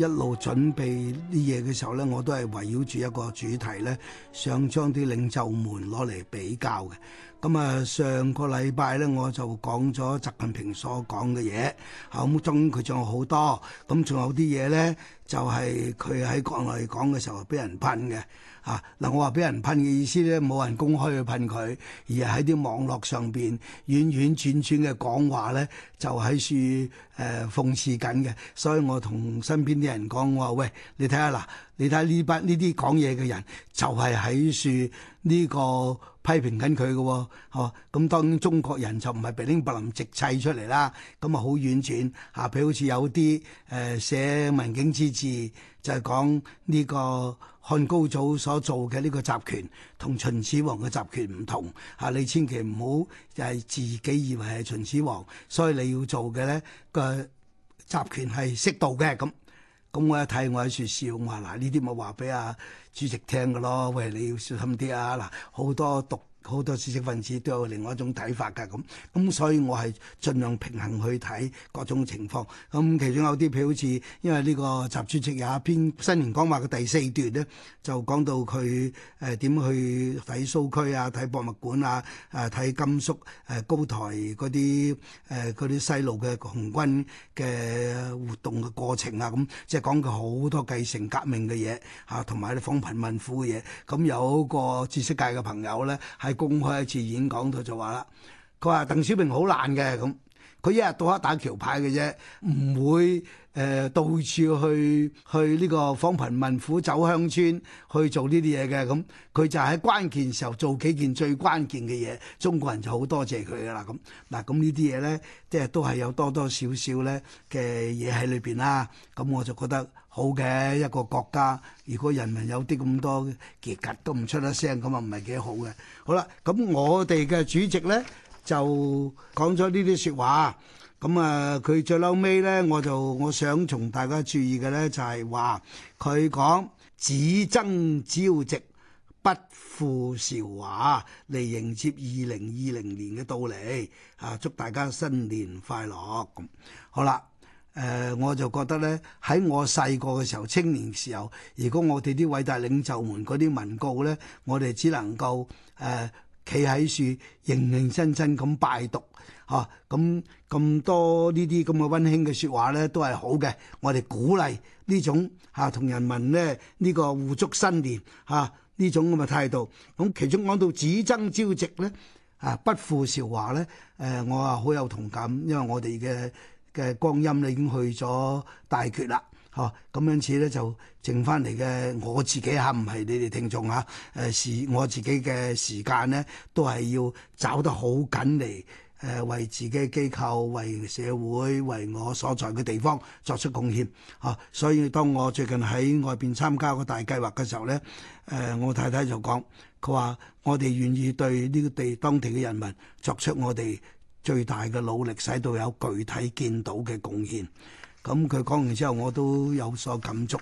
一路準備啲嘢嘅時候咧，我都係圍繞住一個主題咧，想將啲領袖們攞嚟比較嘅。咁啊，上個禮拜咧，我就講咗習近平所講嘅嘢，咁中佢仲有好多，咁仲有啲嘢咧，就係佢喺國內講嘅時候俾人噴嘅。啊，嗱，我話俾人噴嘅意思咧，冇人公開去噴佢，而係喺啲網絡上邊，輾輾轉轉嘅講話咧，就喺處誒諷刺緊嘅。所以我同身邊啲人講，我話喂，你睇下嗱，你睇下呢班呢啲講嘢嘅人，就係喺處呢個。批評緊佢嘅喎，哦、啊、咁當中國人就唔係被拎柏林直砌出嚟啦，咁啊好婉轉嚇。譬如好似有啲誒寫《文景之治》，就係、是、講呢個漢高祖所做嘅呢個集權，同秦始皇嘅集權唔同嚇、啊。你千祈唔好就係自己以為係秦始皇，所以你要做嘅咧個集權係適度嘅咁。嗯。咁我一睇我喺處笑，我話嗱呢啲咪話俾阿主席聽噶咯，喂你要小心啲啊，嗱好多毒。好多知識分子都有另外一種睇法㗎，咁咁所以我係盡量平衡去睇各種情況。咁其中有啲譬如好似因為呢個習主席有一篇新年講話嘅第四段咧，就講到佢誒點去睇蘇區啊，睇博物館啊，誒、啊、睇甘肅誒、啊、高台嗰啲誒嗰啲西路嘅紅軍嘅活動嘅過程啊，咁即係講佢好多繼承革命嘅嘢嚇，同埋啲訪貧問苦嘅嘢。咁有一個知識界嘅朋友咧，係。公開一次演講，佢就話啦，佢話鄧小平好懶嘅，咁佢一日到黑打橋牌嘅啫，唔會誒到處去去呢個訪貧問苦走鄉村去做呢啲嘢嘅，咁佢就喺關鍵時候做幾件最關鍵嘅嘢，中國人就好多謝佢噶啦，咁嗱，咁呢啲嘢咧，即係都係有多多少少咧嘅嘢喺裏邊啦，咁我就覺得。好嘅一個國家，如果人民有啲咁多嘅，結結都唔出得聲，咁啊唔係幾好嘅。好啦，咁我哋嘅主席咧就講咗呢啲説話，咁啊佢最嬲尾咧，我就我想同大家注意嘅咧就係話佢講只爭朝夕，不負韶華，嚟迎接二零二零年嘅到嚟啊！祝大家新年快樂咁好啦。誒、呃，我就覺得呢，喺我細個嘅時候、青年時候，如果我哋啲偉大領袖們嗰啲文告呢，我哋只能夠誒企喺度認認真真咁拜讀嚇，咁、啊、咁多呢啲咁嘅溫馨嘅説話呢，都係好嘅。我哋鼓勵呢種嚇同、啊、人民咧呢、呢個互祝新年嚇呢、啊、種咁嘅態度。咁、啊、其中講到只爭朝夕呢，啊，不負韶華呢，誒、啊，我啊好有同感，因為我哋嘅。嘅光陰已經去咗大缺啦，嚇咁樣似咧就剩翻嚟嘅我自己嚇，唔、啊、係你哋聽眾嚇，誒、啊、是我自己嘅時間咧，都係要找得好緊嚟，誒、啊、為自己機構、為社會、為我所在嘅地方作出貢獻，嚇。所以當我最近喺外邊參加個大計劃嘅時候咧，誒、啊、我太太就講，佢話我哋願意對呢個地當地嘅人民作出我哋。最大嘅努力，使到有具體見到嘅貢獻。咁佢講完之後，我都有所感觸。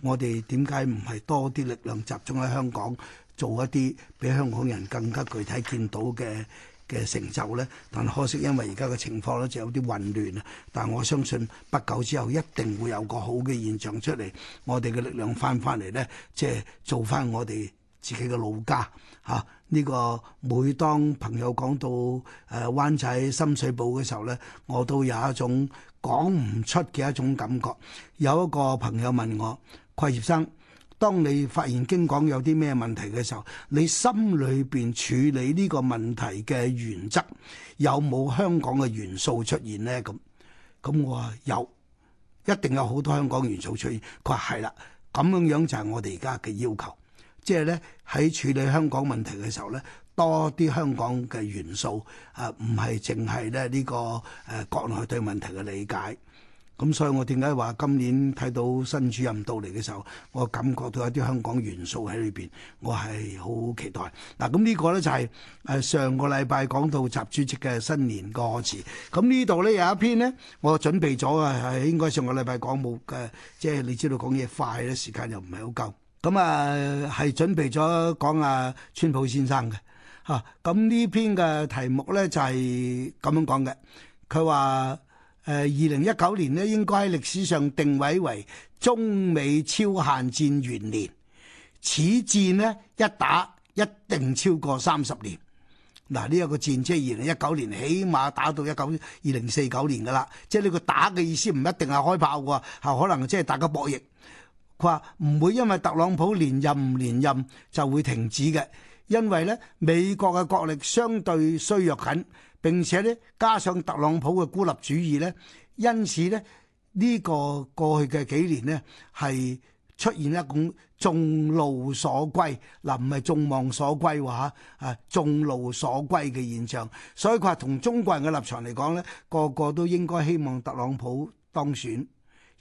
我哋點解唔係多啲力量集中喺香港，做一啲比香港人更加具體見到嘅嘅成就咧？但可惜，因為而家嘅情況咧，就有啲混亂啊。但我相信不久之後一定會有個好嘅現象出嚟，我哋嘅力量翻翻嚟咧，即係做翻我哋自己嘅老家嚇。啊。呢個每當朋友講到誒灣仔、深水埗嘅時候咧，我都有一種講唔出嘅一種感覺。有一個朋友問我，桂葉生，當你發現京港有啲咩問題嘅時候，你心裏邊處理呢個問題嘅原則有冇香港嘅元素出現咧？咁咁我話有，一定有好多香港元素出現，佢話，係啦，咁樣樣就係我哋而家嘅要求。即係咧，喺處理香港問題嘅時候咧，多啲香港嘅元素啊，唔係淨係咧呢個誒國內對問題嘅理解。咁所以我點解話今年睇到新主任到嚟嘅時候，我感覺到一啲香港元素喺裏邊，我係好期待。嗱，咁呢個咧就係誒上個禮拜講到習主席嘅新年歌詞。咁呢度咧有一篇咧，我準備咗係應該上個禮拜講冇嘅，即係你知道講嘢快咧，時間又唔係好夠。咁啊，係準備咗講啊，川普先生嘅嚇。咁、啊、呢篇嘅題目咧就係、是、咁樣講嘅。佢話誒，二零一九年咧應該喺歷史上定位為中美超限戰元年。此戰呢，一打一定超過三十年。嗱、啊，呢、這、一個戰即係二零一九年，起碼打到一九二零四九年噶啦。即係呢個打嘅意思唔一定係開炮喎，係可能即係大家博弈。佢話唔會因為特朗普連任唔連任就會停止嘅，因為咧美國嘅國力相對衰弱緊，並且咧加上特朗普嘅孤立主義咧，因此咧呢個過去嘅幾年咧係出現一種眾怒所歸嗱，唔係眾望所歸話嚇啊眾怒所歸嘅現象，所以佢話同中國人嘅立場嚟講咧，個個都應該希望特朗普當選。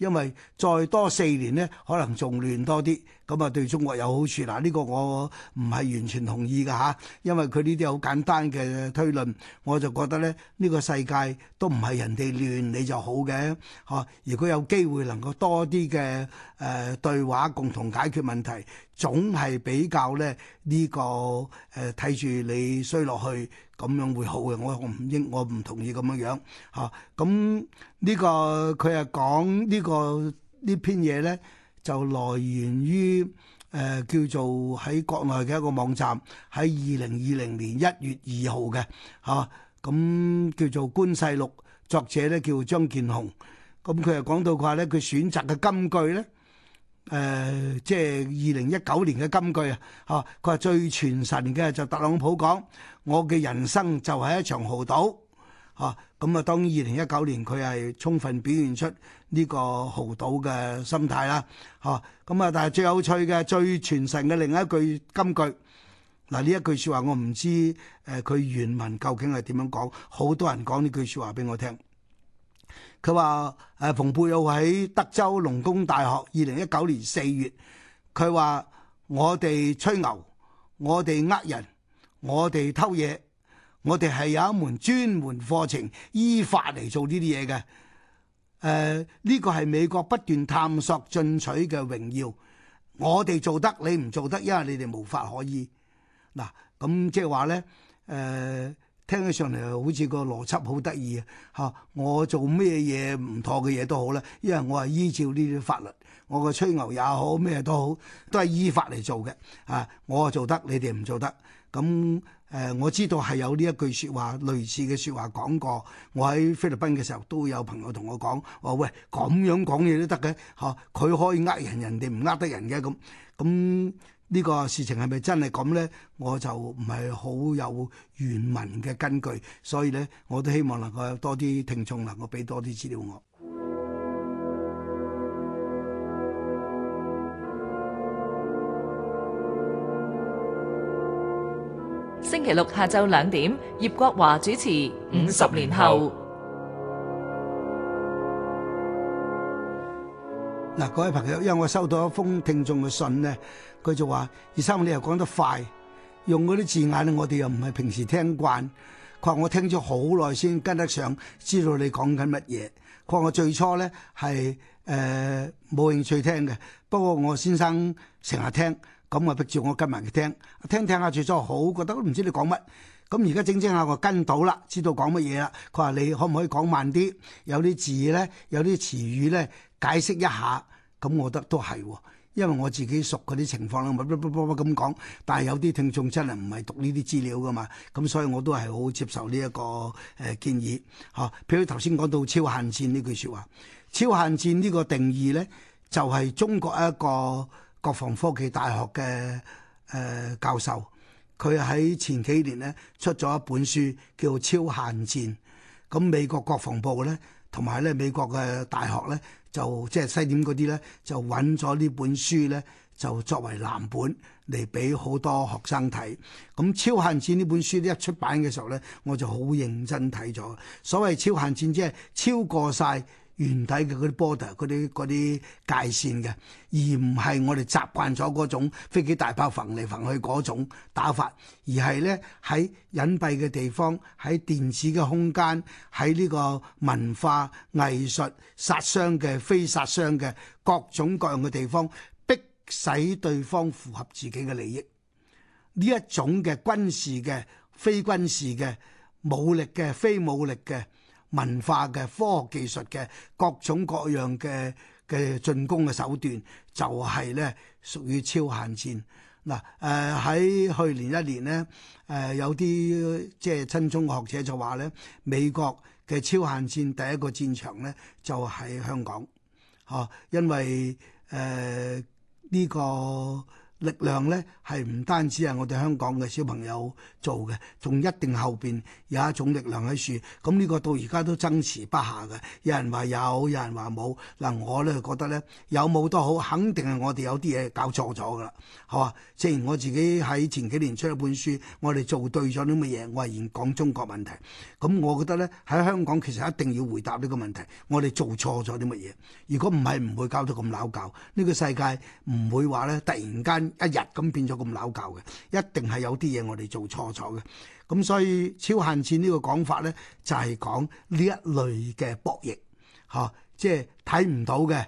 因為再多四年咧，可能仲亂多啲。咁啊，對中國有好處嗱，呢個我唔係完全同意嘅嚇，因為佢呢啲好簡單嘅推論，我就覺得咧，呢個世界都唔係人哋亂你就好嘅，嚇。如果有機會能夠多啲嘅誒對話，共同解決問題，總係比較咧呢個誒睇住你衰落去咁樣會好嘅。我我唔應，我唔同意咁樣樣嚇。咁呢個佢係講呢個呢篇嘢咧。就來源於誒、呃、叫做喺國內嘅一個網站，喺二零二零年一月二號嘅，嚇，咁叫做《官世錄》，作者咧叫張建雄。咁佢又講到佢話咧，佢選擇嘅金句咧誒、呃，即係二零一九年嘅金句啊，嚇。佢話最傳神嘅就特朗普講：我嘅人生就係一場豪賭。啊，咁啊，當二零一九年佢係充分表現出呢個豪賭嘅心態啦，嚇！咁啊，但係最有趣嘅、最傳神嘅另一句金句，嗱、啊、呢一句説話我唔知誒佢原文究竟係點樣講，好多人講呢句説話俾我聽。佢話誒蓬佩奧喺德州農工大學二零一九年四月，佢話我哋吹牛，我哋呃人，我哋偷嘢。我哋係有一門專門課程，依法嚟做呢啲嘢嘅。誒、呃，呢個係美國不斷探索進取嘅榮耀。我哋做得，你唔做得，因為你哋無法可依。嗱，咁即係話咧，誒、呃，聽起上嚟好似個邏輯好得意啊！吓，我做咩嘢唔妥嘅嘢都好啦，因為我係依照呢啲法律，我個吹牛也好，咩都好，都係依法嚟做嘅。啊，我做得，你哋唔做得，咁、啊。誒、呃、我知道係有呢一句説話，類似嘅説話講過。我喺菲律賓嘅時候都有朋友同我講：，哦喂，咁樣講嘢都得嘅，嚇佢可以呃人，人哋唔呃得人嘅。咁咁呢個事情係咪真係咁呢？我就唔係好有原文嘅根據，所以呢，我都希望能夠多啲聽眾能夠俾多啲資料我。星期六下晝兩點，葉國華主持《五十年後》。嗱，各位朋友，因為我收到一封聽眾嘅信咧，佢就話：葉生你又講得快，用嗰啲字眼咧，我哋又唔係平時聽慣，佢話我聽咗好耐先跟得上，知道你講緊乜嘢。佢話我最初咧係誒冇興趣聽嘅，不過我先生成日聽。咁我逼住我跟埋佢聽，聽聽下最初好，覺得都唔知你講乜。咁而家整整下我跟到啦，知道講乜嘢啦。佢話你可唔可以講慢啲，有啲字咧，有啲詞語咧，解釋一下。咁我覺得都係，因為我自己熟嗰啲情況啦，咪啵咁講。但係有啲聽眾真係唔係讀呢啲資料噶嘛，咁所以我都係好接受呢一個誒建議。吓，譬如頭先講到超限戰呢句說話，超限戰呢個定義咧，就係中國一個。國防科技大學嘅、誒、呃、教授，佢喺前幾年咧出咗一本書叫《超限戰》，咁美國國防部咧同埋咧美國嘅大學咧就即係西點嗰啲咧就揾咗呢本書咧就作為藍本嚟，俾好多學生睇。咁《超限戰》呢本書呢一出版嘅時候咧，我就好認真睇咗。所謂超限戰，即、就、係、是、超過晒。原體嘅嗰啲 border、嗰啲嗰啲界線嘅，而唔係我哋習慣咗嗰種飛機大炮焚嚟焚去嗰種打法，而係咧喺隱蔽嘅地方，喺電子嘅空間，喺呢個文化藝術殺傷嘅非殺傷嘅各種各樣嘅地方，逼使對方符合自己嘅利益。呢一種嘅軍事嘅、非軍事嘅、武力嘅、非武力嘅。文化嘅、科學技術嘅各種各樣嘅嘅進攻嘅手段，就係、是、咧屬於超限戰。嗱、呃，誒喺去年一年咧，誒、呃、有啲即係親中學者就話咧，美國嘅超限戰第一個戰場咧就喺、是、香港，嚇、啊，因為誒呢、呃呢個。力量呢，係唔單止係我哋香港嘅小朋友做嘅，仲一定後邊有一種力量喺處。咁呢個到而家都爭持不下嘅。有人話有，有人話冇。嗱，我呢覺得呢，有冇都好，肯定係我哋有啲嘢搞錯咗噶啦。好啊，正如我自己喺前幾年出咗本書，我哋做對咗啲乜嘢，我係現講中國問題。咁我覺得呢，喺香港其實一定要回答呢個問題，我哋做錯咗啲乜嘢？如果唔係，唔會搞到咁鬧交。呢個世界唔會話呢突然間。一日咁變咗咁撈舊嘅，一定係有啲嘢我哋做錯錯嘅。咁所以超限戰呢個講法咧，就係、是、講呢一類嘅博弈，嚇、啊，即係睇唔到嘅，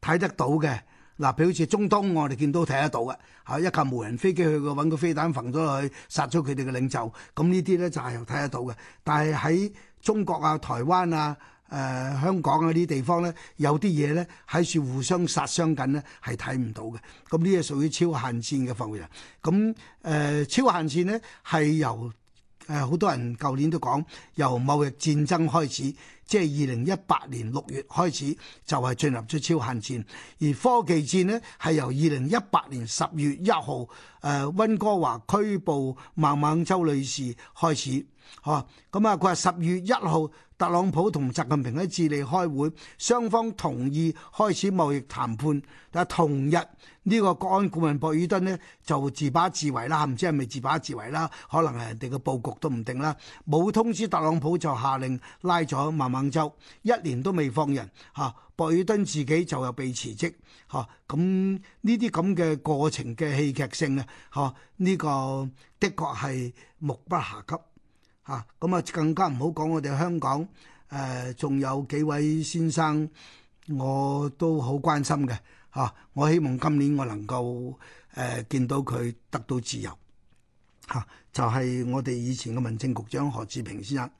睇得到嘅。嗱、啊，譬如好似中東，我哋見到睇得到嘅，嚇、啊、一架無人飛機去個揾個飛彈揈咗落去，殺咗佢哋嘅領袖。咁、啊、呢啲咧就係又睇得到嘅。但係喺中國啊、台灣啊。誒、呃、香港嗰啲地方呢，有啲嘢呢喺處互相殺傷緊呢係睇唔到嘅。咁呢啲屬於超限戰嘅範圍啦。咁、嗯、誒、呃、超限戰呢，係由誒好、呃、多人舊年都講，由貿易戰爭開始，即係二零一八年六月開始就係、是、進入咗超限戰。而科技戰呢，係由二零一八年十月一號誒温哥華拘捕孟晚舟女士開始。嚇、嗯，咁啊佢話十月一號。特朗普同習近平喺智利開會，雙方同意開始貿易談判。但係同日呢個國安顧問博爾頓呢就自把自為啦，唔知係咪自把自為啦？可能係人哋嘅布局都唔定啦。冇通知特朗普就下令拉咗孟晚舟，一年都未放人。嚇、啊，博爾頓自己就又被辭職。嚇、啊，咁呢啲咁嘅過程嘅戲劇性啊，嚇、這、呢個的確係目不暇給。啊，咁啊更加唔好講，我哋香港誒仲、呃、有幾位先生，我都好關心嘅嚇、啊。我希望今年我能夠誒、呃、見到佢得到自由。嚇、啊，就係、是、我哋以前嘅民政局長何志平先生，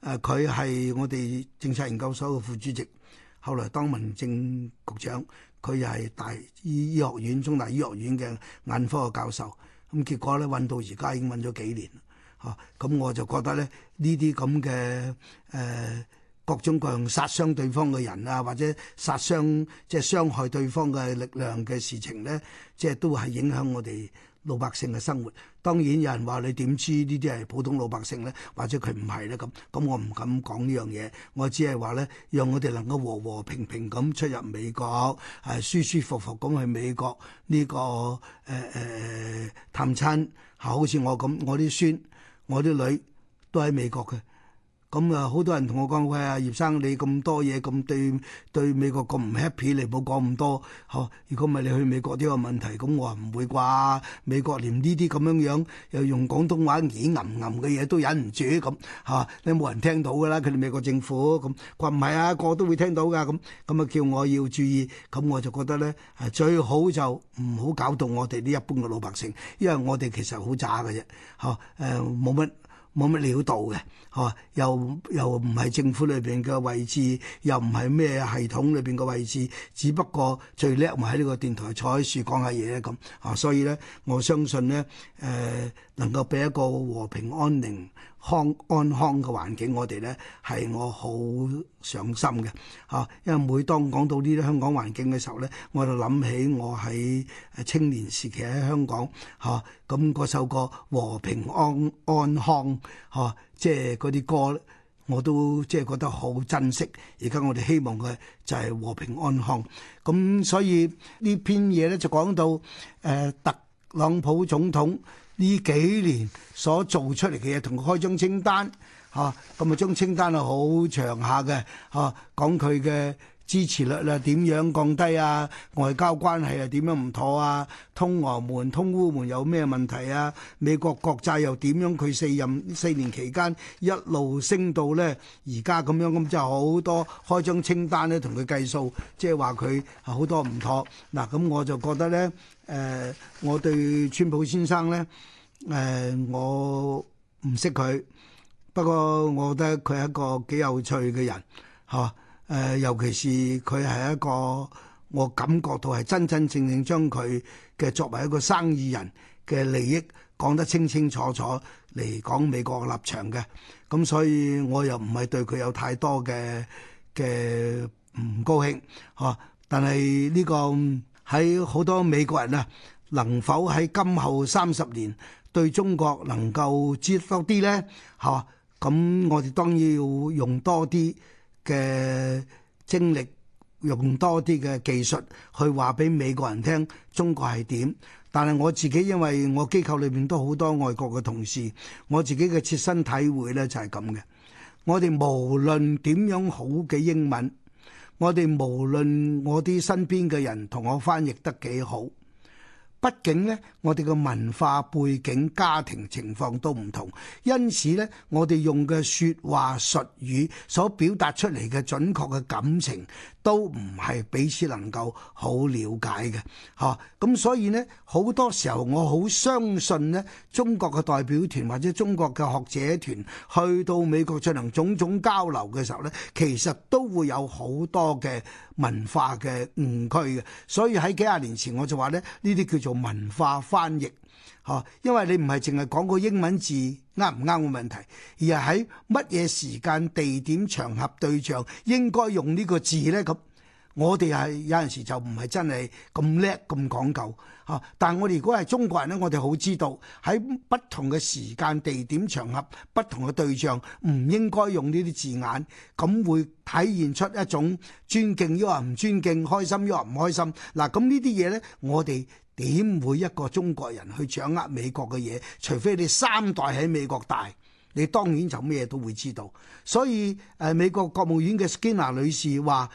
誒佢係我哋政策研究所嘅副主席，後來當民政局長，佢又係大醫學院、中大醫學院嘅眼科嘅教授。咁、啊、結果咧，揾到而家已經揾咗幾年。咁、哦、我就覺得咧，呢啲咁嘅誒各種各樣殺傷對方嘅人啊，或者殺傷即係傷害對方嘅力量嘅事情咧，即係都係影響我哋老百姓嘅生活。當然有人話，你點知呢啲係普通老百姓咧？或者佢唔係咧咁咁，我唔敢講呢樣嘢。我只係話咧，讓我哋能夠和和平平咁出入美國，係、呃、舒舒服服咁去美國呢、呢個誒誒、呃、探親，好似我咁，我啲孫。我啲女都喺美國嘅。咁啊，好多人同我講喂啊，葉生你咁多嘢咁對對美國咁唔 happy，你唔好講咁多吓？如果唔係你去美國呢個問題，咁我話唔會啩？美國連呢啲咁樣樣又用廣東話耳吟吟嘅嘢都忍唔住咁吓，你、啊、冇人聽到噶啦？佢哋美國政府咁佢話唔係啊，個個、啊、都會聽到噶咁，咁啊，啊叫我要注意，咁、啊、我就覺得咧，最好就唔好搞到我哋呢一般嘅老百姓，因為我哋其實好渣噶啫，嗬誒冇乜。啊冇乜料到嘅，嚇、啊、又又唔係政府裏邊嘅位置，又唔係咩系統裏邊嘅位置，只不過最叻咪喺呢個電台坐喺樹講下嘢咁嚇，所以咧我相信咧誒、呃、能夠俾一個和平安寧。康安康嘅環境，我哋咧係我好上心嘅嚇，因為每當講到呢啲香港環境嘅時候咧，我就諗起我喺青年時期喺香港嚇，咁嗰首歌和平安安康嚇，即係嗰啲歌咧我都即係覺得好珍惜。而家我哋希望佢就係和平安康。咁所以呢篇嘢咧就講到誒特朗普總統。呢幾年所做出嚟嘅嘢，同佢開張清單，嚇，咁啊張清單係好長下嘅。嚇，講佢嘅支持率啦，點樣降低啊？外交關係啊，點樣唔妥啊？通俄門、通烏門有咩問題啊？美國國債又點樣？佢四任四年期間一路升到咧，而家咁樣咁，就好多開張清單咧，同佢計數，即係話佢好多唔妥。嗱，咁我就覺得咧，誒、呃，我對川普先生咧，誒、呃，我唔識佢，不過我覺得佢係一個幾有趣嘅人，嚇。誒、呃，尤其是佢係一個我感覺到係真真正正將佢嘅作為一個生意人嘅利益講得清清楚楚嚟講美國嘅立場嘅，咁所以我又唔係對佢有太多嘅嘅唔高興嚇。但係呢、呢個喺好多美國人啊，能否喺今後三十年對中國能夠接受啲呢？嚇？咁我哋當然要用多啲。嘅精力用多啲嘅技術去話俾美國人聽中國係點，但係我自己因為我機構裏邊都好多外國嘅同事，我自己嘅切身體會咧就係咁嘅。我哋無論點樣好嘅英文，我哋無論我啲身邊嘅人同我翻譯得幾好。畢竟呢，我哋嘅文化背景、家庭情況都唔同，因此呢，我哋用嘅説話術語所表達出嚟嘅準確嘅感情，都唔係彼此能夠好了解嘅。嚇、啊，咁所以呢，好多時候我好相信呢，中國嘅代表團或者中國嘅學者團去到美國進行種種種交流嘅時候呢，其實都會有好多嘅。文化嘅誤區，嘅，所以喺幾廿年前我就話咧，呢啲叫做文化翻譯，嚇，因為你唔係淨係講個英文字啱唔啱嘅問題，而係喺乜嘢時間、地點、場合、對象應該用呢個字咧咁。我哋係有陣時就唔係真係咁叻咁講究吓，但係我哋如果係中國人咧，我哋好知道喺不同嘅時間、地點、場合、不同嘅對象，唔應該用呢啲字眼，咁會體現出一種尊敬，抑或唔尊敬；開心，抑或唔開心。嗱咁呢啲嘢咧，我哋點會一個中國人去掌握美國嘅嘢？除非你三代喺美國大，你當然就咩都會知道。所以誒，美國國務院嘅斯金納女士話。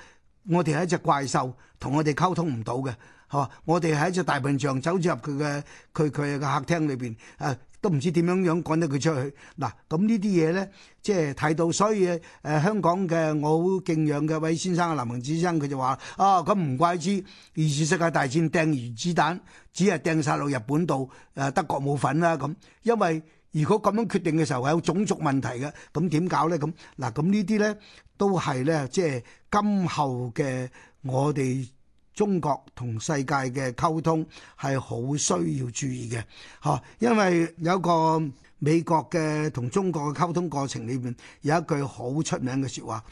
我哋係一隻怪獸，同我哋溝通唔到嘅。係、啊，我哋係一隻大笨象，走進入佢嘅佢佢嘅客廳裏邊，誒、啊，都唔知點樣樣趕得佢出去。嗱、啊，咁呢啲嘢咧，即係睇到，所以誒、啊，香港嘅我好敬仰嘅位先生啊，林文子先生，佢就話：啊、咁、啊、唔怪之二次世界大戰掟原子彈，只係掟晒落日本度，誒、啊，德國冇份啦咁、啊。因為如果咁樣決定嘅時候，係有種族問題嘅，咁點搞咧？咁、啊、嗱、咁、啊、呢啲咧。都係咧，即係今後嘅我哋中國同世界嘅溝通係好需要注意嘅，嚇。因為有個美國嘅同中國嘅溝通過程裏邊有一句好出名嘅説話，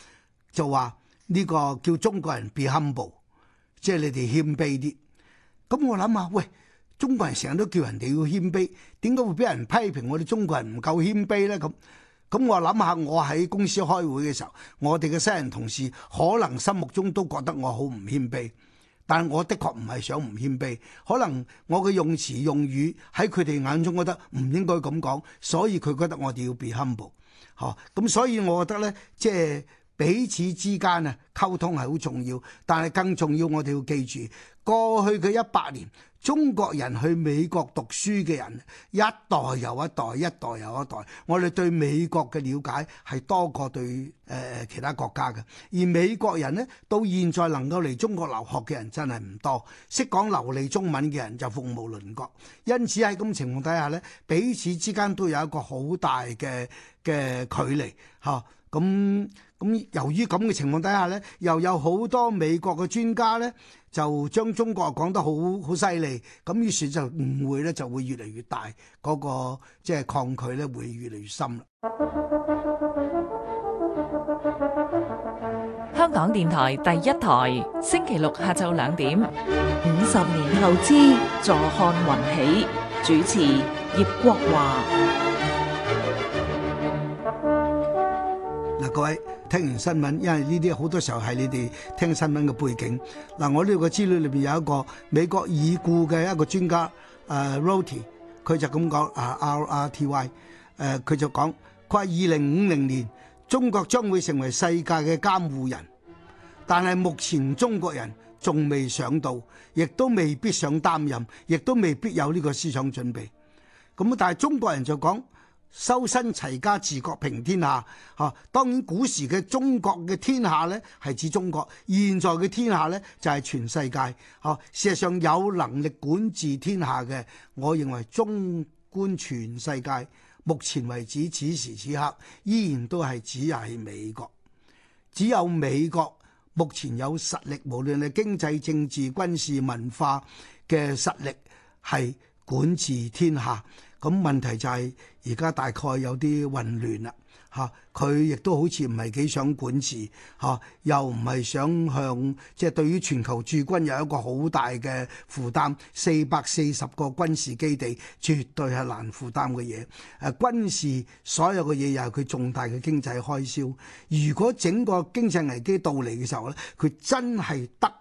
就話呢個叫中國人 Be Humble，即係你哋謙卑啲。咁我諗下，喂，中國人成日都叫人哋要謙卑，點解會俾人批評我哋中國人唔夠謙卑咧？咁？咁我諗下，我喺公司開會嘅時候，我哋嘅西人同事可能心目中都覺得我好唔謙卑，但係我的確唔係想唔謙卑，可能我嘅用詞用語喺佢哋眼中覺得唔應該咁講，所以佢覺得我哋要被 humble。咁所以我覺得呢，即係彼此之間啊溝通係好重要，但係更重要我哋要記住過去嘅一百年。中國人去美國讀書嘅人，一代又一代，一代又一代，我哋對美國嘅了解係多過對誒、呃、其他國家嘅。而美國人呢，到現在能夠嚟中國留學嘅人真係唔多，識講流利中文嘅人就鳳毛麟角。因此喺咁情況底下呢，彼此之間都有一個好大嘅嘅距離嚇。咁、嗯、咁、嗯、由於咁嘅情況底下呢，又有好多美國嘅專家呢。就將中國講得好好犀利，咁於是就誤會咧就會越嚟越大，嗰個即係抗拒咧會越嚟越深啦。香港電台第一台，星期六下晝兩點，五十年後之，坐看雲起，主持葉國華。嗱，各位。聽完新聞，因為呢啲好多時候係你哋聽新聞嘅背景。嗱，我呢個資料裏邊有一個美國已故嘅一個專家，誒，Roti，佢就咁講，啊，R R T Y，誒，佢就講，佢話二零五零年中國將會成為世界嘅監護人，但係目前中國人仲未想到，亦都未必想擔任，亦都未必有呢個思想準備。咁但係中國人就講。修身齊家治國平天下，吓、啊，當然古時嘅中國嘅天下咧係指中國，現在嘅天下咧就係、是、全世界，吓、啊。事實上有能力管治天下嘅，我認為縱觀全世界，目前為止此時此刻依然都係指係美國，只有美國目前有實力，無論係經濟、政治、軍事、文化嘅實力係管治天下。咁問題就係而家大概有啲混亂啦，嚇佢亦都好似唔係幾想管治，嚇、啊、又唔係想向即係、就是、對於全球駐軍有一個好大嘅負擔，四百四十個軍事基地絕對係難負擔嘅嘢。誒、啊、軍事所有嘅嘢又係佢重大嘅經濟開銷。如果整個經濟危機到嚟嘅時候咧，佢真係得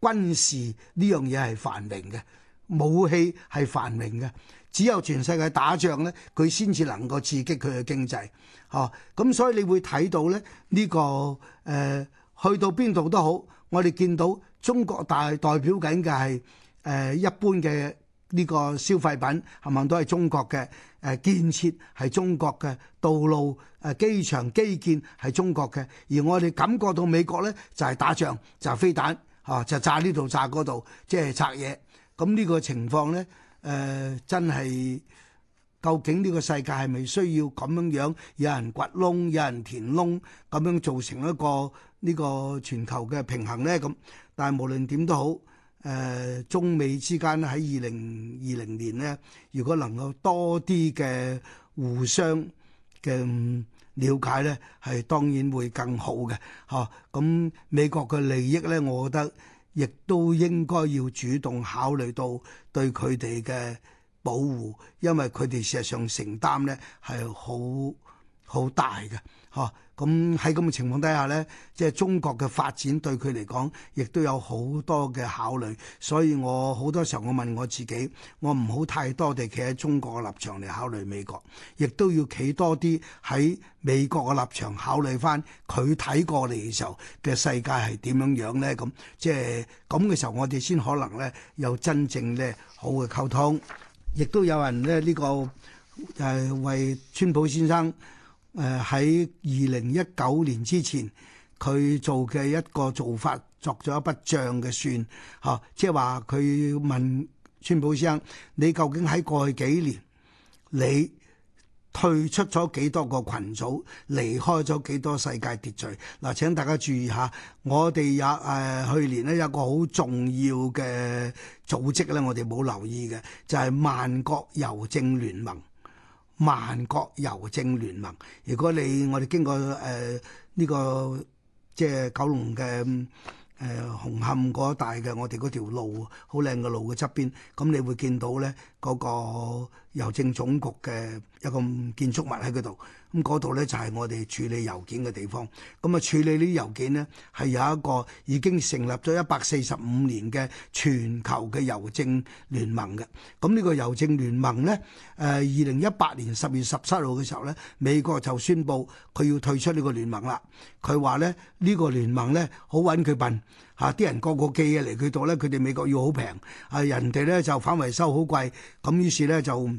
軍事呢樣嘢係繁榮嘅。武器係繁榮嘅，只有全世界打仗呢，佢先至能夠刺激佢嘅經濟。哦，咁所以你會睇到呢，呢個誒、呃、去到邊度都好，我哋見到中國，大代表緊嘅係誒一般嘅呢個消費品，冚咪？都係中國嘅誒、呃、建設係中國嘅道路誒、呃、機場基建係中國嘅，而我哋感覺到美國呢，就係打仗就係飛彈哦，就炸呢度炸嗰度，即係拆嘢。咁呢個情況咧，誒、呃、真係究竟呢個世界係咪需要咁樣樣有人掘窿、有人填窿，咁樣做成一個呢、呢個全球嘅平衡咧？咁但係無論點都好，誒、呃、中美之間喺二零二零年咧，如果能夠多啲嘅互相嘅了解咧，係當然會更好嘅。嚇、啊，咁、嗯、美國嘅利益咧，我覺得。亦都應該要主動考慮到對佢哋嘅保護，因為佢哋事實上承擔嘅係好好大嘅。哦，咁喺咁嘅情況底下咧，即係中國嘅發展對佢嚟講，亦都有好多嘅考慮。所以我好多時候我問我自己，我唔好太多地企喺中國嘅立場嚟考慮美國，亦都要企多啲喺美國嘅立場考慮翻佢睇過嚟嘅時候嘅世界係點樣樣咧？咁即係咁嘅時候，我哋先可能咧有真正咧好嘅溝通。亦都有人咧呢個係、呃、為川普先生。誒喺二零一九年之前，佢做嘅一個做法，作咗一筆帳嘅算，嚇、哦，即係話佢問川普先生：你究竟喺過去幾年，你退出咗幾多個群組，離開咗幾多世界秩序？嗱、呃，請大家注意下。我哋有誒、呃、去年咧有一個好重要嘅組織咧，我哋冇留意嘅，就係、是、萬國郵政聯盟。萬國郵政聯盟，如果你我哋經過誒呢、呃這個即係、就是、九龍嘅誒、呃、紅磡嗰一帶嘅，我哋嗰條路好靚嘅路嘅側邊，咁你會見到咧，嗰個郵政總局嘅一個建築物喺嗰度，咁嗰度呢就係我哋處理郵件嘅地方。咁啊，處理呢啲郵件呢，係有一個已經成立咗一百四十五年嘅全球嘅郵政聯盟嘅。咁呢個郵政聯盟呢，誒二零一八年十月十七號嘅時候呢，美國就宣布佢要退出呢個聯盟啦。佢話呢，呢個聯盟呢，好揾佢笨。嚇！啲、啊、人個個寄嘢嚟佢度咧，佢哋美國要好平，啊人哋咧就反為收好貴，咁於是咧就。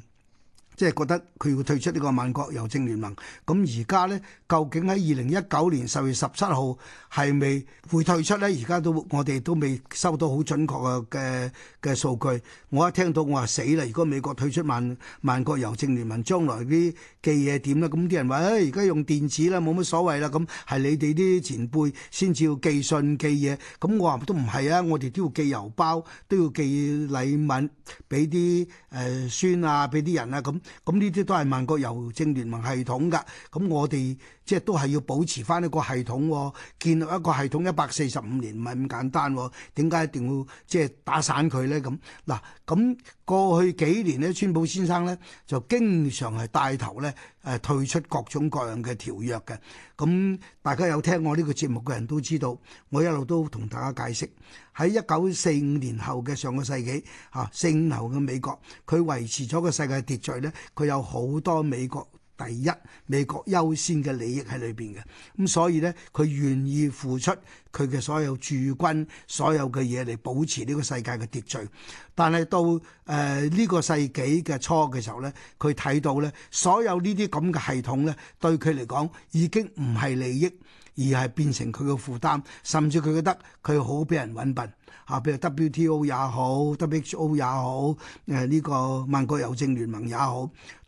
即係覺得佢要退出呢個萬國郵政聯盟，咁而家呢究竟喺二零一九年十月十七號係咪會退出呢？而家都我哋都未收到好準確嘅嘅嘅數據。我一聽到我話死啦！如果美國退出萬萬國郵政聯盟，將來啲寄嘢點咧？咁啲人話誒，而家用電子啦，冇乜所謂啦。咁係你哋啲前輩先至要寄信寄嘢，咁我話都唔係啊！我哋都要寄郵包，都要寄禮物俾啲誒孫啊，俾啲人啊咁。咁呢啲都係萬國郵政聯盟系統噶，咁我哋即係都係要保持翻一個系統喎，哦，建立一個系統一百四十五年唔係咁簡單，哦，點解一定要即係打散佢咧？咁嗱咁。過去幾年咧，川普先生咧就經常係帶頭咧誒退出各種各樣嘅條約嘅。咁大家有聽我呢個節目嘅人都知道，我一路都同大家解釋喺一九四五年後嘅上個世紀，嚇四五年後嘅美國，佢維持咗個世界秩序咧，佢有好多美國。第一，美國優先嘅利益喺裏邊嘅，咁、嗯、所以呢，佢願意付出佢嘅所有駐軍、所有嘅嘢嚟保持呢個世界嘅秩序。但係到誒呢、呃這個世紀嘅初嘅時候呢，佢睇到呢所有呢啲咁嘅系統呢，對佢嚟講已經唔係利益，而係變成佢嘅負擔，甚至佢覺得佢好俾人揾笨嚇，譬、啊、如 WTO 也好，WHO 也好，誒、呃、呢、這個萬國郵政聯盟也好。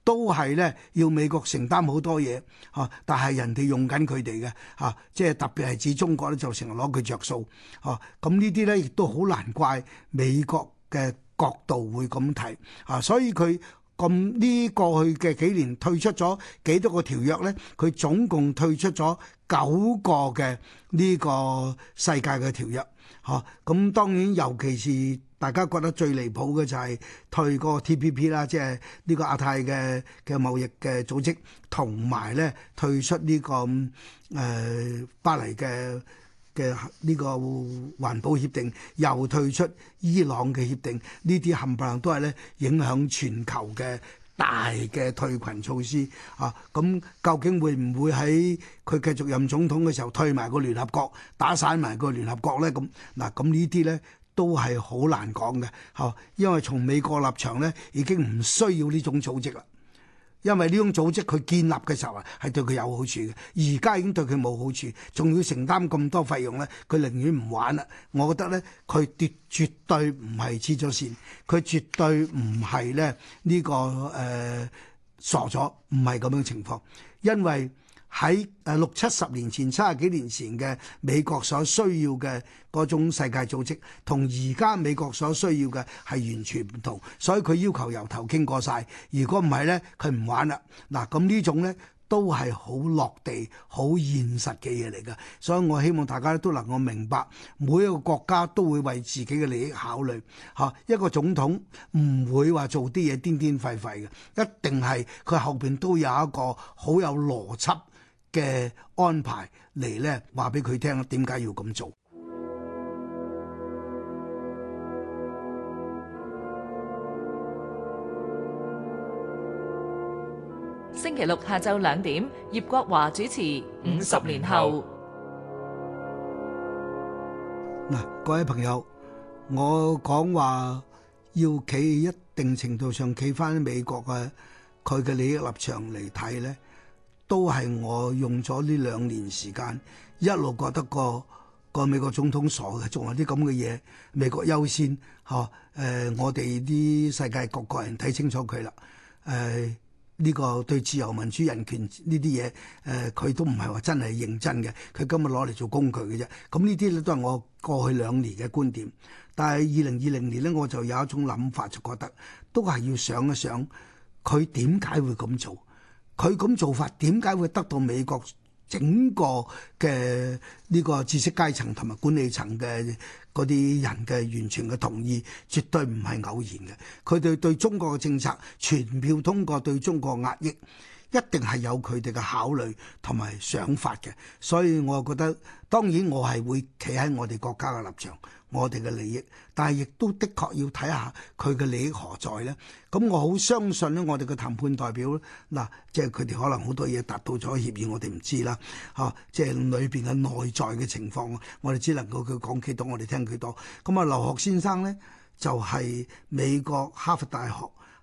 都係咧要美國承擔好多嘢，嚇！但係人哋用緊佢哋嘅，嚇！即係特別係指中國咧，就成日攞佢着數，嚇！咁呢啲咧亦都好難怪美國嘅角度會咁睇，啊！所以佢。咁呢過去嘅幾年退出咗幾多個條約咧？佢總共退出咗九個嘅呢個世界嘅條約，嚇。咁當然尤其是大家覺得最離譜嘅就係退個 TPP 啦，即係呢個亞太嘅嘅貿易嘅組織，同埋咧退出呢個、這個誒、呃、巴黎嘅。嘅呢個環保協定又退出伊朗嘅協定，呢啲冚唪唥都係咧影響全球嘅大嘅退群措施啊。咁究竟會唔會喺佢繼續任總統嘅時候退埋個聯合國打散埋個聯合國咧？咁嗱，咁呢啲咧都係好難講嘅，嚇、啊，因為從美國立場咧已經唔需要呢種組織啦。因為呢種組織佢建立嘅時候啊，係對佢有好處嘅，而家已經對佢冇好處，仲要承擔咁多費用咧，佢寧願唔玩啦。我覺得咧，佢絕絕對唔係黐咗線，佢絕對唔係咧呢個誒、呃、傻咗，唔係咁樣情況，因為。喺誒六七十年前、七十幾年前嘅美國所需要嘅嗰種世界組織，同而家美國所需要嘅係完全唔同，所以佢要求由頭傾過晒。如果唔係呢，佢唔玩啦。嗱，咁呢種呢都係好落地、好現實嘅嘢嚟㗎。所以我希望大家都能夠明白，每一個國家都會為自己嘅利益考慮。嚇，一個總統唔會話做啲嘢癲癲廢廢嘅，一定係佢後邊都有一個好有邏輯嘅安排嚟咧，話俾佢聽點解要咁做。星期六下晝兩點，葉國華主持《五十年後》。嗱，各位朋友，我講話要企一定程度上企翻美國嘅佢嘅利益立場嚟睇咧。都係我用咗呢兩年時間，一路覺得個個美國總統傻嘅，仲係啲咁嘅嘢。美國優先，嚇誒、呃，我哋啲世界各國人睇清楚佢啦。誒、呃、呢、呢個對自由民主人權呢啲嘢，誒、呃、佢都唔係話真係認真嘅，佢今日攞嚟做工具嘅啫。咁呢啲咧都係我過去兩年嘅觀點。但係二零二零年咧，我就有一種諗法，就覺得都係要想一想，佢點解會咁做？佢咁做法點解會得到美國整個嘅呢個知識階層同埋管理層嘅嗰啲人嘅完全嘅同意？絕對唔係偶然嘅。佢哋對，對中國嘅政策全票通過，對中國壓抑。一定係有佢哋嘅考慮同埋想法嘅，所以我覺得當然我係會企喺我哋國家嘅立場，我哋嘅利益，但係亦都的確要睇下佢嘅利益何在咧。咁我好相信咧，我哋嘅談判代表嗱，即係佢哋可能好多嘢達到咗協議，我哋唔知啦，嚇，啊，即係裏邊嘅內在嘅情況，我哋只能夠佢講幾多，我哋聽幾多。咁啊，劉鶴先生咧就係美國哈佛大學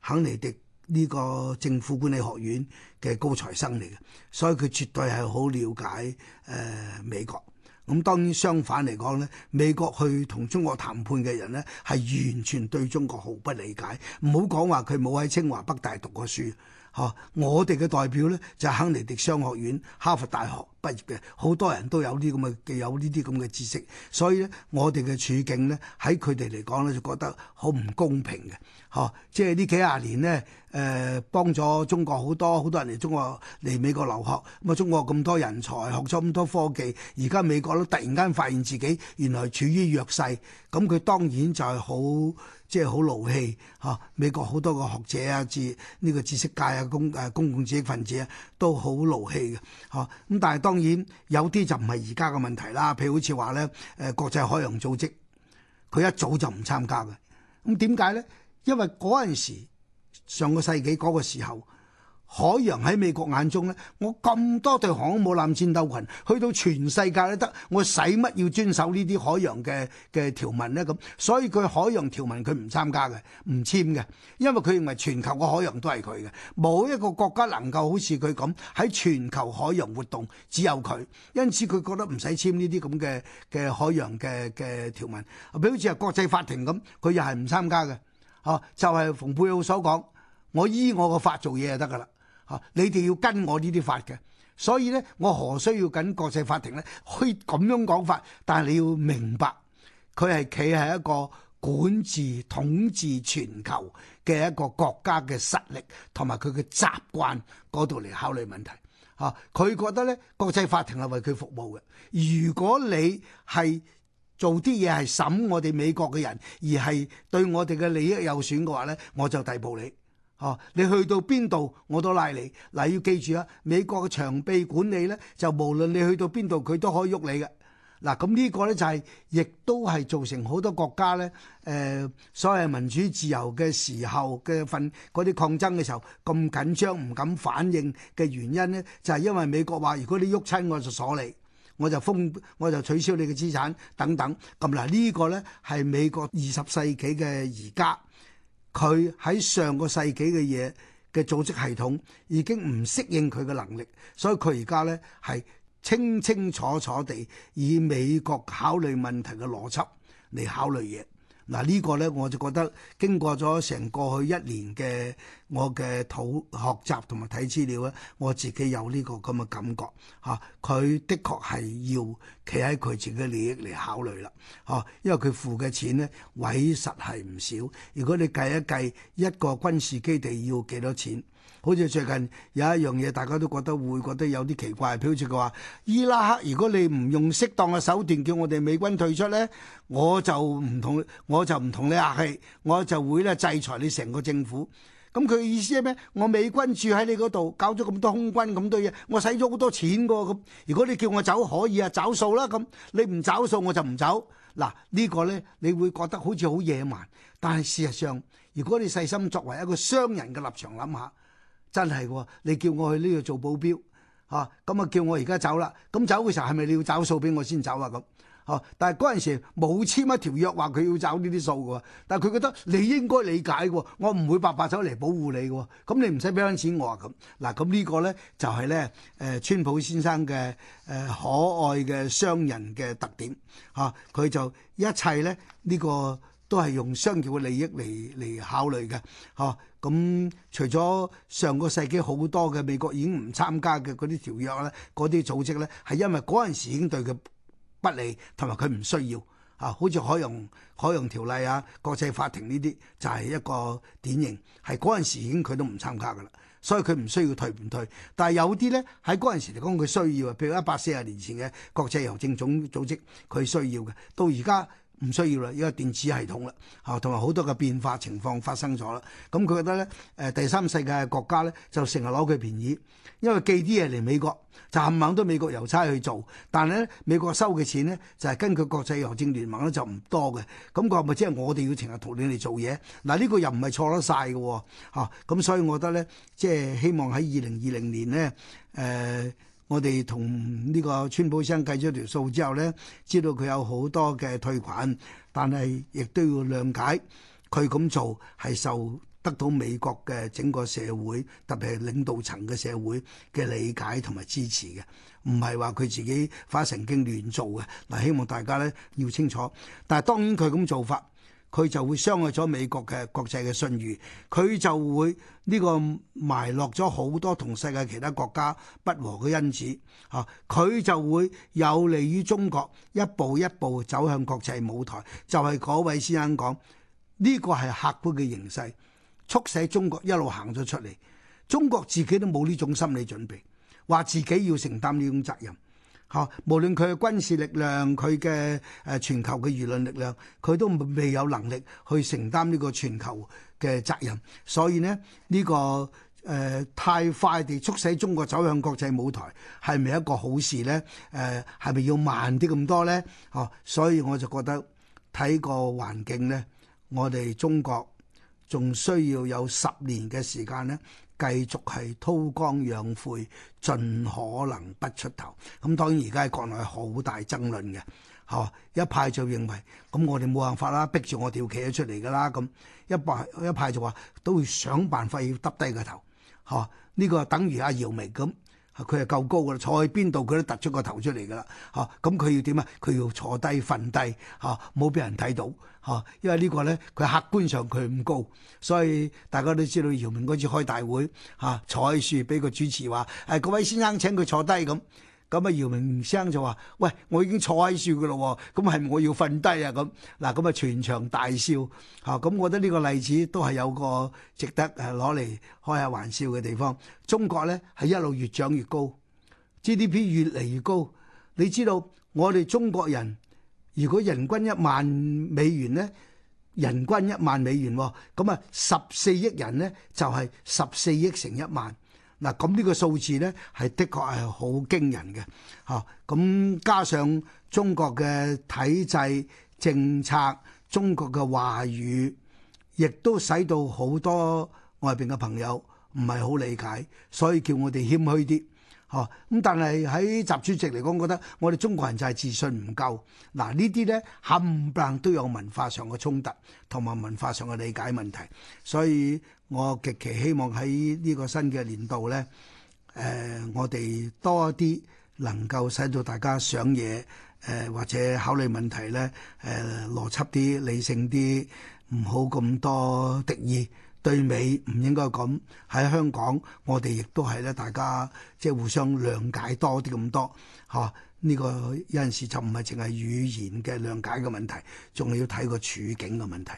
肯尼迪呢個政府管理學院。嘅高材生嚟嘅，所以佢絕對係好了解誒、呃、美國。咁當然相反嚟講，呢美國去同中國談判嘅人呢，係完全對中國毫不理解。唔好講話，佢冇喺清華北大讀過書。嚇、啊，我哋嘅代表呢，就係、是、肯尼迪商學院、哈佛大學畢業嘅，好多人都有啲咁嘅，有呢啲咁嘅知識。所以呢，我哋嘅處境呢，喺佢哋嚟講呢，就覺得好唔公平嘅。嚇、啊，即係呢幾廿年呢。誒幫咗中國好多好多人嚟中國嚟美國留學，咁啊中國咁多人才學咗咁多科技，而家美國都突然間發現自己原來處於弱勢，咁佢當然就係好即係好勞氣嚇、啊。美國好多個學者啊，智呢、這個知識界啊，公誒公共知識分子啊，都好勞氣嘅嚇。咁但係當然有啲就唔係而家嘅問題啦，譬如好似話咧誒國際海洋組織，佢一早就唔參加嘅。咁點解咧？因為嗰陣時。上個世紀嗰個時候，海洋喺美國眼中呢，我咁多對航空母艦戰鬥群去到全世界都得，我使乜要遵守呢啲海洋嘅嘅條文呢？咁所以佢海洋條文佢唔參加嘅，唔簽嘅，因為佢認為全球嘅海洋都係佢嘅，冇一個國家能夠好似佢咁喺全球海洋活動只有佢，因此佢覺得唔使簽呢啲咁嘅嘅海洋嘅嘅條文，比如好似啊國際法庭咁，佢又係唔參加嘅，哦、啊，就係、是、蓬佩奧所講。我依我個法做嘢就得噶啦，吓、啊、你哋要跟我呢啲法嘅，所以呢，我何需要緊國際法庭呢？可以咁樣講法，但係你要明白，佢係企喺一個管治、統治全球嘅一個國家嘅實力同埋佢嘅習慣嗰度嚟考慮問題，嚇、啊、佢覺得呢，國際法庭係為佢服務嘅。如果你係做啲嘢係審我哋美國嘅人，而係對我哋嘅利益有損嘅話呢，我就逮捕你。哦，你去到邊度我都拉你。嗱，要記住啊，美國嘅長臂管理咧，就無論你去到邊度，佢都可以喐你嘅。嗱，咁呢個咧就係，亦都係造成好多國家咧，誒，所謂民主自由嘅時候嘅份嗰啲抗爭嘅時候咁緊張，唔敢反應嘅原因咧，就係因為美國話，如果你喐親我就鎖你，我就封，我就取消你嘅資產等等。咁嗱，呢個咧係美國二十世紀嘅而家。佢喺上個世紀嘅嘢嘅組織系統已經唔適應佢嘅能力，所以佢而家呢係清清楚楚地以美國考慮問題嘅邏輯嚟考慮嘢。嗱，呢個咧，我就覺得經過咗成過去一年嘅我嘅討學習同埋睇資料咧，我自己有呢、這個咁嘅感覺嚇，佢、啊、的確係要企喺佢自己利益嚟考慮啦嚇，因為佢付嘅錢咧委實係唔少，如果你計一計一個軍事基地要幾多錢？好似最近有一樣嘢，大家都覺得會覺得有啲奇怪。譬如佢話：伊拉克，如果你唔用適當嘅手段叫我哋美軍退出呢，我就唔同我就唔同你客氣，我就會呢制裁你成個政府。咁佢嘅意思係咩？我美軍住喺你嗰度，搞咗咁多空軍咁多嘢，我使咗好多錢喎。咁如果你叫我走可以啊，找數啦咁。你唔找數我就唔走。嗱、這、呢個呢，你會覺得好似好野蠻，但係事實上，如果你細心作為一個商人嘅立場諗下。真係喎！你叫我去呢度做保鏢，嚇咁啊！叫我而家走啦，咁走嘅時候係咪你要找數俾我先走啊？咁、啊、嚇，但係嗰陣時冇簽一條約，話佢要找呢啲數嘅喎。但係佢覺得你應該理解喎，我唔會白白走嚟保護你嘅喎。咁、啊、你唔使俾緊錢我啊咁。嗱、啊，咁呢個呢，就係、是、呢誒川普先生嘅誒、啊、可愛嘅商人嘅特點嚇，佢、啊、就一切呢，呢、呢個都係用商業嘅利益嚟嚟考慮嘅嚇。啊。咁除咗上個世紀好多嘅美國已經唔參加嘅嗰啲條約呢，嗰啲組織呢，係因為嗰陣時已經對佢不利，同埋佢唔需要啊。好似海洋海洋條例啊，國際法庭呢啲就係一個典型，係嗰陣時已經佢都唔參加噶啦，所以佢唔需要退唔退。但係有啲呢，喺嗰陣時嚟講，佢需要啊，譬如一百四十年前嘅國際郵政總組織，佢需要嘅，到而家。唔需要啦，因為電子系統啦，嚇，同埋好多嘅變化情況發生咗啦。咁佢覺得咧，誒第三世界嘅國家咧，就成日攞佢便宜，因為寄啲嘢嚟美國，就冚 𠰤 都美國郵差去做。但係咧，美國收嘅錢咧，就係根據國際郵政聯盟咧，就唔多嘅。咁佢話咪即係我哋要成日同你嚟做嘢。嗱呢個又唔係錯得晒嘅喎，嚇。咁所以我覺得咧，即係希望喺二零二零年咧，誒。我哋同呢個川普先生計咗條數之後咧，知道佢有好多嘅退款，但係亦都要諒解佢咁做係受得到美國嘅整個社會，特別係領導層嘅社會嘅理解同埋支持嘅，唔係話佢自己發神經亂做嘅嗱，希望大家咧要清楚，但係當然佢咁做法。佢就會傷害咗美國嘅國際嘅信譽，佢就會呢個埋落咗好多同世界其他國家不和嘅因子，嚇佢就會有利於中國一步一步走向國際舞台。就係、是、嗰位先生講，呢、這個係客觀嘅形勢，促使中國一路行咗出嚟。中國自己都冇呢種心理準備，話自己要承擔呢種責任。嚇！無論佢嘅軍事力量，佢嘅誒全球嘅輿論力量，佢都未有能力去承擔呢個全球嘅責任。所以呢、這個，呢個誒太快地促使中國走向國際舞台，係咪一個好事咧？誒係咪要慢啲咁多咧？哦！所以我就覺得睇個環境咧，我哋中國。仲需要有十年嘅時間咧，繼續係韜光養晦，盡可能不出頭。咁當然而家喺國內係好大爭論嘅，嚇一派就認為，咁我哋冇辦法啦，逼住我哋企咗出嚟噶啦。咁一派一派就話，都要想辦法要耷低個頭，嚇呢、呢個等於阿姚明咁。佢係夠高噶啦，坐喺邊度佢都突出個頭出嚟噶啦，嚇咁佢要點啊？佢要，要坐低瞓低嚇，冇俾、啊、人睇到嚇、啊，因為個呢個咧佢客觀上佢唔高，所以大家都知道姚明嗰次開大會嚇、啊、坐喺樹，俾個主持話誒、哎、各位先生請佢坐低咁。咁啊，姚明先生就話，喂，我已經坐喺度㗎喇，咁係我要瞓低啊！咁嗱，咁啊，全場大笑吓。咁、啊，我覺得呢個例子都係有個值得誒攞嚟開下玩笑嘅地方。中國咧係一路越長越高，GDP 越嚟越高。你知道我哋中國人，如果人均一萬美元咧，人均一萬美元喎，咁、哦、啊十四億人咧就係、是、十四億乘一萬。嗱，咁呢個數字呢，係的確係好驚人嘅，嚇！咁加上中國嘅體制政策，中國嘅話語，亦都使到好多外邊嘅朋友唔係好理解，所以叫我哋謙虛啲，嚇！咁但係喺習主席嚟講，我覺得我哋中國人就係自信唔夠。嗱，呢啲呢，冚唪唥都有文化上嘅衝突，同埋文化上嘅理解問題，所以。我極其希望喺呢個新嘅年度咧，誒、呃，我哋多啲能夠使到大家想嘢，誒、呃，或者考慮問題咧，誒、呃，邏輯啲、理性啲，唔好咁多敵意。對美唔應該咁。喺香港，我哋亦都係咧，大家即係互相諒解多啲咁多，嚇、啊。呢、這個有陣時就唔係淨係語言嘅諒解嘅問題，仲要睇個處境嘅問題。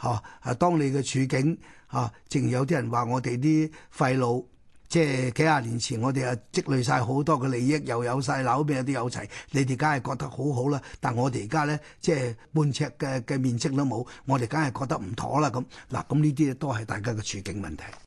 嚇！啊，當你嘅處境嚇、啊，正如有啲人話，我哋啲廢老，即係幾廿年前我哋啊積累晒好多嘅利益，又有晒樓，邊有啲有齊？你哋梗係覺得好好啦，但我哋而家咧，即係半尺嘅嘅面積都冇，我哋梗係覺得唔妥啦咁。嗱，咁呢啲都係大家嘅處境問題。